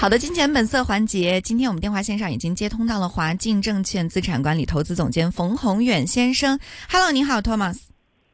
好的，金錢本色環節，今天我們電話線上已經接通到了華晉證券資產管理投資總監馮宏遠先生。哈嘍，你好，托馬斯。Thomas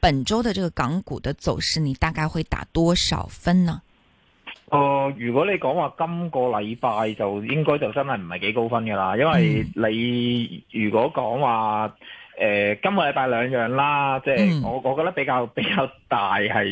本周嘅這個港股的走勢，你大概會打多少分呢？誒、呃，如果你講話今個禮拜就應該就真係唔係幾高分噶啦，因為你如果講話誒、呃、今個禮拜兩樣啦，即係我我覺得比較比較大係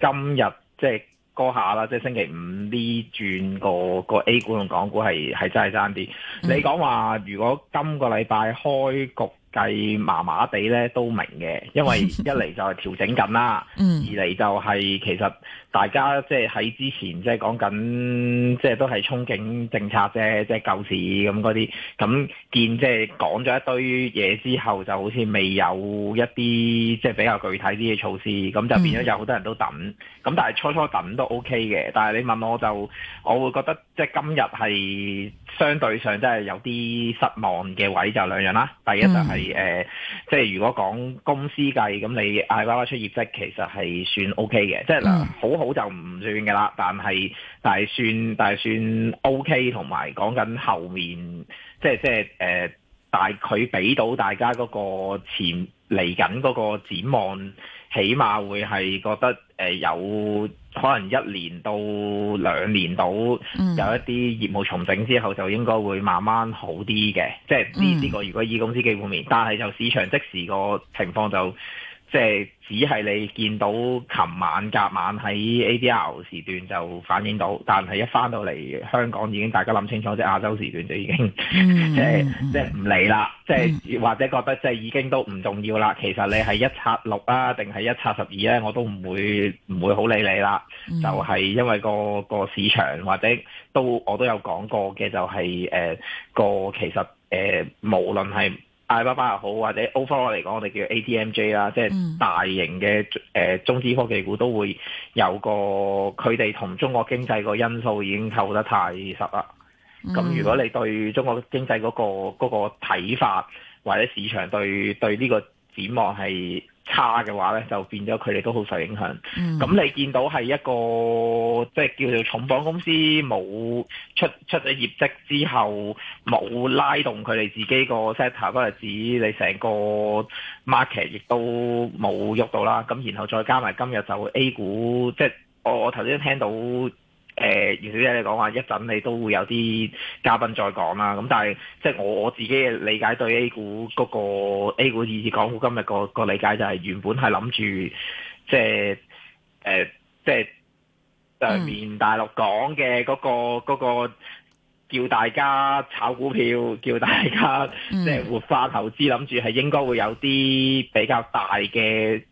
今日即係嗰下啦，即係星期五呢轉個個 A 股同港股係係真係爭啲。差差嗯、你講話如果今個禮拜開局。係麻麻地咧，都明嘅，因為一嚟就係調整緊啦， 嗯、二嚟就係、是、其實大家即係喺之前即係講緊，即係都係憧憬政策啫，即、就、係、是、救市咁嗰啲，咁見即係講咗一堆嘢之後，就好似未有一啲即係比較具體啲嘅措施，咁就變咗有好多人都等，咁、嗯、但係初初等都 OK 嘅，但係你問我就我會覺得即係今日係相對上即係有啲失望嘅位就兩樣啦，第一就係。嗯誒、呃，即係如果講公司計，咁你阿里巴巴出業績，其實係算 OK 嘅，即係嗱，好好就唔算嘅啦。但係但係算但係算 OK，同埋講緊後面，即係即係誒，但佢俾到大家嗰個前嚟緊嗰個展望，起碼會係覺得誒、呃、有，可能一年到兩年到、嗯、有一啲業務重整之後，就應該會慢慢好啲嘅。即係呢呢個如果醫公司基本面，但係就市場即時個情況就。即係只係你見到琴晚、隔晚喺 ADR 時段就反映到，但係一返到嚟香港已經大家諗清楚，即係亞洲時段就已經、嗯、 即係、嗯、即係唔理啦，即係或者覺得即係已經都唔重要啦。其實你係一拆六啊，定係一拆十二咧，我都唔會唔會好理你啦。嗯、就係因為、嗰個、嗰個市場或者都我都有講過嘅、就係，就係誒個其實誒、呃、無論係。阿里巴巴又好，或者 overall 嚟講，我哋叫 ATMJ 啦，即係大型嘅誒中資科技股都會有個佢哋同中國經濟個因素已經扣得太實啦。咁如果你對中國經濟嗰個嗰個睇法，或者市場對對呢個展望係差嘅話咧，就變咗佢哋都好受影響。咁你見到係一個即係叫做重磅公司冇出出咗業績之後，冇拉動佢哋自己個 set up，不係指你成個 market 亦都冇喐到啦。咁然後再加埋今日就 A 股，即係我我頭先聽到。誒、呃，袁小姐你講話一陣，你都會有啲嘉賓再講啦。咁但係，即係我我自己嘅理解，對 A 股嗰個 A 股以及港股講今日個個理解就係，原本係諗住即係誒，即係誒，面、呃呃、大陸講嘅嗰個叫大家炒股票，叫大家即係活化投資，諗住係應該會有啲比較大嘅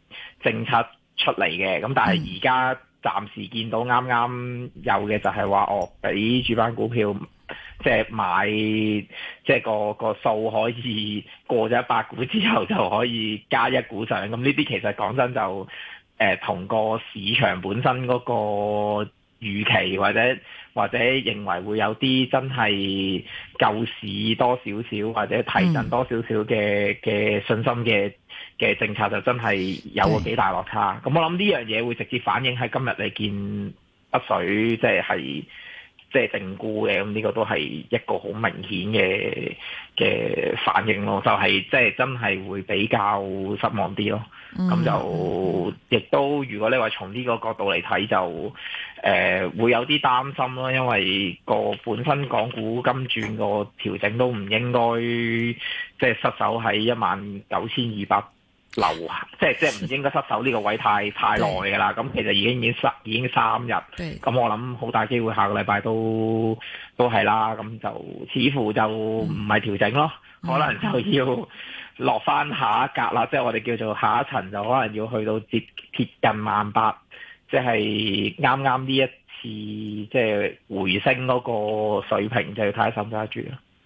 政策出嚟嘅。咁但係而家。嗯暫時見到啱啱有嘅就係話，我俾主板股票即係、就是、買即係、就是、個個數可以過咗一百股之後就可以加一股上，咁呢啲其實講真就誒、呃、同個市場本身嗰、那個。預期或者或者認為會有啲真係救市多少少或者提振多少少嘅嘅信心嘅嘅政策，就真係有個幾大落差。咁、嗯、我諗呢樣嘢會直接反映喺今日你見北水，即係係。即係定估嘅，咁呢個都係一個好明顯嘅嘅反應咯，就係即係真係會比較失望啲咯。咁就亦都如果你話從呢個角度嚟睇，就誒會有啲擔心咯，因為個本身港股金轉個調整都唔應該即係失守喺一萬九千二百。留即係即係唔應該失守呢個位太太耐㗎啦，咁對其實已經已經失已經三日，咁對我諗好大機會下個禮拜都都係啦，咁就似乎就唔係調整咯，嗯、可能就要落翻下一格啦，嗯、即係我哋叫做下一層，就可能要去到接近萬八，即係啱啱呢一次即係、就是、回升嗰個水平就要睇下守唔守得住啦。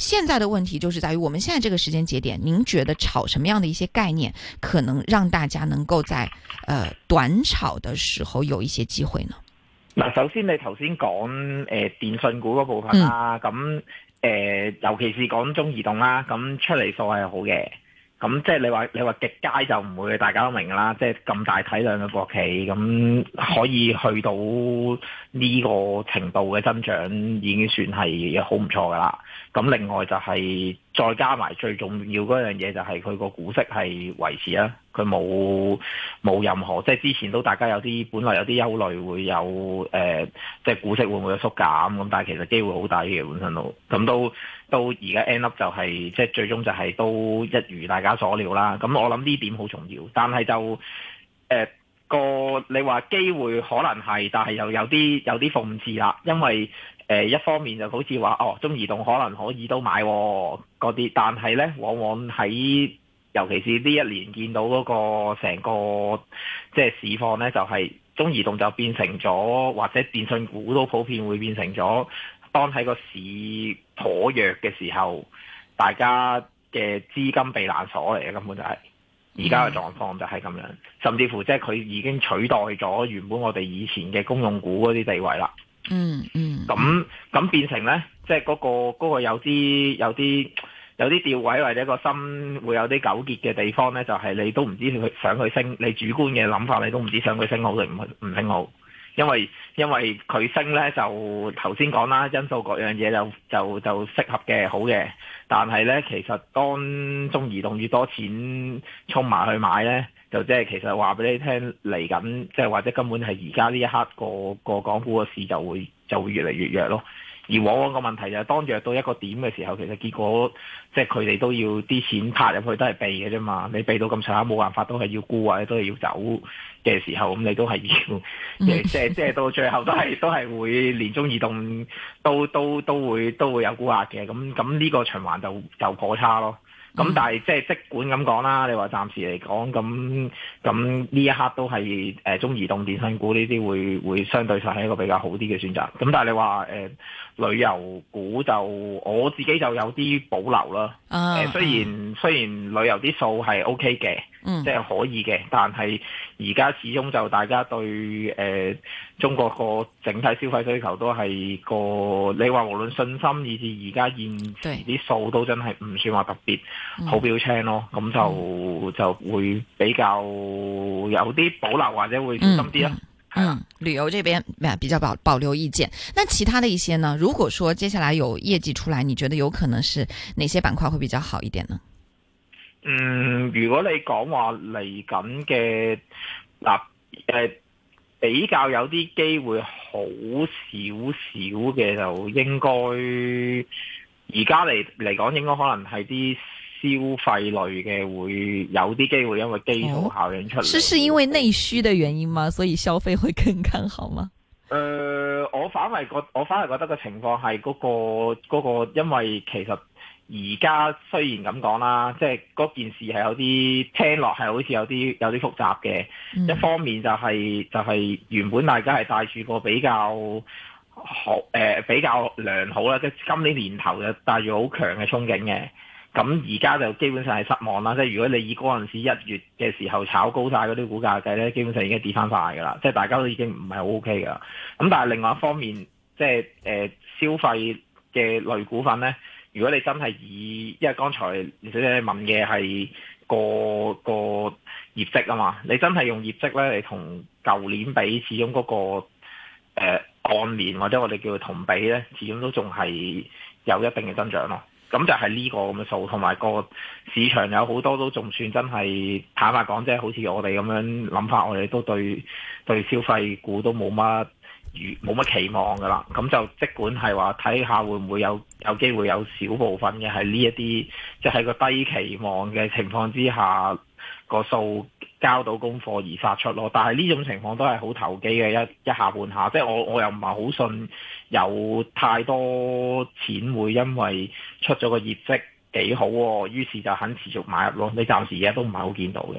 現在的問題就是在於，我們現在這個時間節點，您覺得炒什麼樣的一些概念，可能讓大家能夠在，呃，短炒的時候有一些機會呢？嗱，首先你頭先講誒電訊股嗰部分啦、啊，咁誒、嗯呃、尤其是講中移動啦、啊，咁出嚟數係好嘅。咁即係你話你話極佳就唔會，大家都明噶啦。即係咁大體量嘅國企，咁可以去到呢個程度嘅增長，已經算係好唔錯噶啦。咁另外就係。再加埋最重要嗰樣嘢就係佢個股息係維持啊，佢冇冇任何即係之前都大家有啲本來有啲憂慮會有誒、呃，即係股息會唔會有縮減，咁，但係其實機會好低嘅，本身都咁都到而家 end up 就係、是、即係最終就係都一如大家所料啦。咁我諗呢點好重要，但係就誒。呃個你話機會可能係，但係又有啲有啲諷刺啦，因為誒、呃、一方面就好似話哦，中移動可能可以都買個嗰啲，但係呢往往喺尤其是呢一年見到嗰、那個成個即係市況呢，就係、是、中移動就變成咗，或者電信股都普遍會變成咗，當喺個市頗弱嘅時候，大家嘅資金避難所嚟嘅根本就係、是。而家嘅狀況就係咁樣，甚至乎即係佢已經取代咗原本我哋以前嘅公用股嗰啲地位啦。嗯。嗯嗯，咁咁變成呢，即係嗰個嗰個有啲有啲有啲調位或者個心會有啲糾結嘅地方呢，就係你都唔知佢想佢升，你主觀嘅諗法你都唔知想佢升好定唔唔升好，因為因為佢升呢，就頭先講啦，因素各樣嘢就就就適合嘅，好嘅。但係咧，其實當中移動越多錢沖埋去買咧，就即係其實話俾你聽，嚟緊即係或者根本係而家呢一刻個個港股嘅市就會就會越嚟越弱咯。而往往個問題就係、是、當著到一個點嘅時候，其實結果即係佢哋都要啲錢拍入去都係避嘅啫嘛。你避到咁長，冇辦法都係要沽或者都係要走嘅時候，咁你都係要 即係即係到最後都係都係會年終異動，都都都會都會有沽壓嘅。咁咁呢個循環就就破差咯。咁、嗯、但係即係即管咁講啦，你話暫時嚟講咁咁呢一刻都係誒、呃、中移動電信股呢啲會會相對上係一個比較好啲嘅選擇。咁但係你話誒、呃、旅遊股就我自己就有啲保留啦。誒、嗯呃、雖然雖然旅遊啲數係 OK 嘅。嗯，即係可以嘅，但係而家始終就大家對誒、呃、中國個整體消費需求都係個，你話無論信心以至而家現時啲數都真係唔算話特別、嗯、好標青咯，咁、嗯、就就會比較有啲保留或者會小心啲咯。係、嗯嗯、是旅遊這邊比較保保留意見。那其他的一些呢？如果說接下來有業績出來，你覺得有可能是哪些板塊會比較好一點呢？嗯，如果你講話嚟緊嘅嗱，誒、呃、比較有啲機會好少少嘅，就應該而家嚟嚟講，應該可能係啲消費類嘅會有啲機會，因為基礎效應出嚟，哦。是是因為內需嘅原因嘛，所以消費會更更好嘛？誒、呃，我反為覺，我反而覺得個情況係嗰個嗰個，那個、因為其實。而家雖然咁講啦，即係嗰件事係有啲聽落係好似有啲有啲複雜嘅。嗯、一方面就係、是、就係、是、原本大家係帶住個比較好誒、呃、比較良好啦，即係今年年頭就帶住好強嘅憧憬嘅。咁而家就基本上係失望啦，即係如果你以嗰陣時一月嘅時候炒高晒嗰啲股價計咧，基本上已經跌翻晒㗎啦。即係大家都已經唔係好 OK 㗎。咁但係另外一方面，即係誒、呃、消費嘅類股份咧。如果你真係以，因為剛才小姐問嘅係個個業績啊嘛，你真係用業績咧，你同舊年比始終、那個，始終嗰個誒按年或者我哋叫同比咧，始終都仲係有一定嘅增長咯。咁就係呢個咁嘅數，同埋個市場有好多都仲算真係坦白講啫，即係、好似我哋咁樣諗法，我哋都對對消費股都冇乜。冇乜期望噶啦，咁就即管係話睇下會唔會有有機會有少部分嘅係呢一啲，即係個低期望嘅情況之下，個數交到功課而發出咯。但係呢種情況都係好投機嘅一一下半下，即係我我又唔係好信有太多錢會因為出咗個業績。幾好喎、哦，於是就肯持續買入咯。你暫時而家都唔係好見到嘅，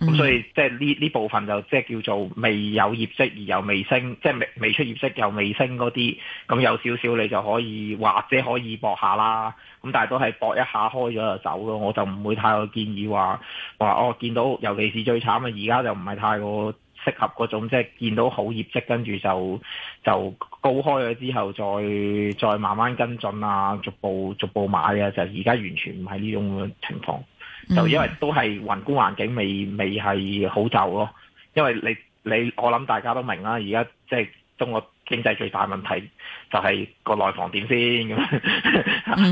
咁、嗯、所以即係呢呢部分就即係叫做未有業績而又未升，即係未未出業績又未升嗰啲，咁有少少你就可以或者可以搏下啦。咁但係都係搏一下開咗就走咯。我就唔會太過建議話話哦，見到尤其是最慘啊，而家就唔係太過。適合嗰種即係見到好業績，跟住就就高開咗之後，再再慢慢跟進啊，逐步逐步買啊，就而家完全唔係呢種情況，就因為都係宏觀環境未未係好就咯，因為你你我諗大家都明啦，而家即係中國。經濟最大問題就係個內房點先咁，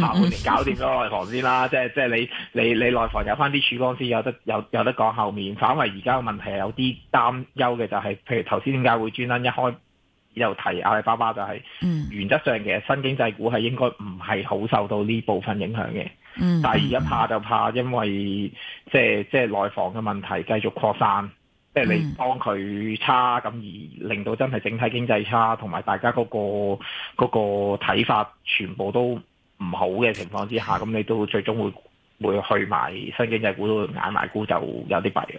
下半年搞掂咗內房先啦，即係即係你你你內房有返啲曙光先有得有有得講後面，反為而家嘅問題係有啲擔憂嘅、就是，就係譬如頭先點解會專登一開又提阿里巴巴就係、是，嗯、原則上嘅新經濟股係應該唔係好受到呢部分影響嘅，嗯、但係而家怕就怕因為即係即係內房嘅問題繼續擴散。即係你幫佢差，咁而令到真係整體經濟差，同埋大家嗰個嗰個睇法全部都唔好嘅情況之下，咁你都最終會會去買新經濟股、都眼埋股就有啲弊嘅。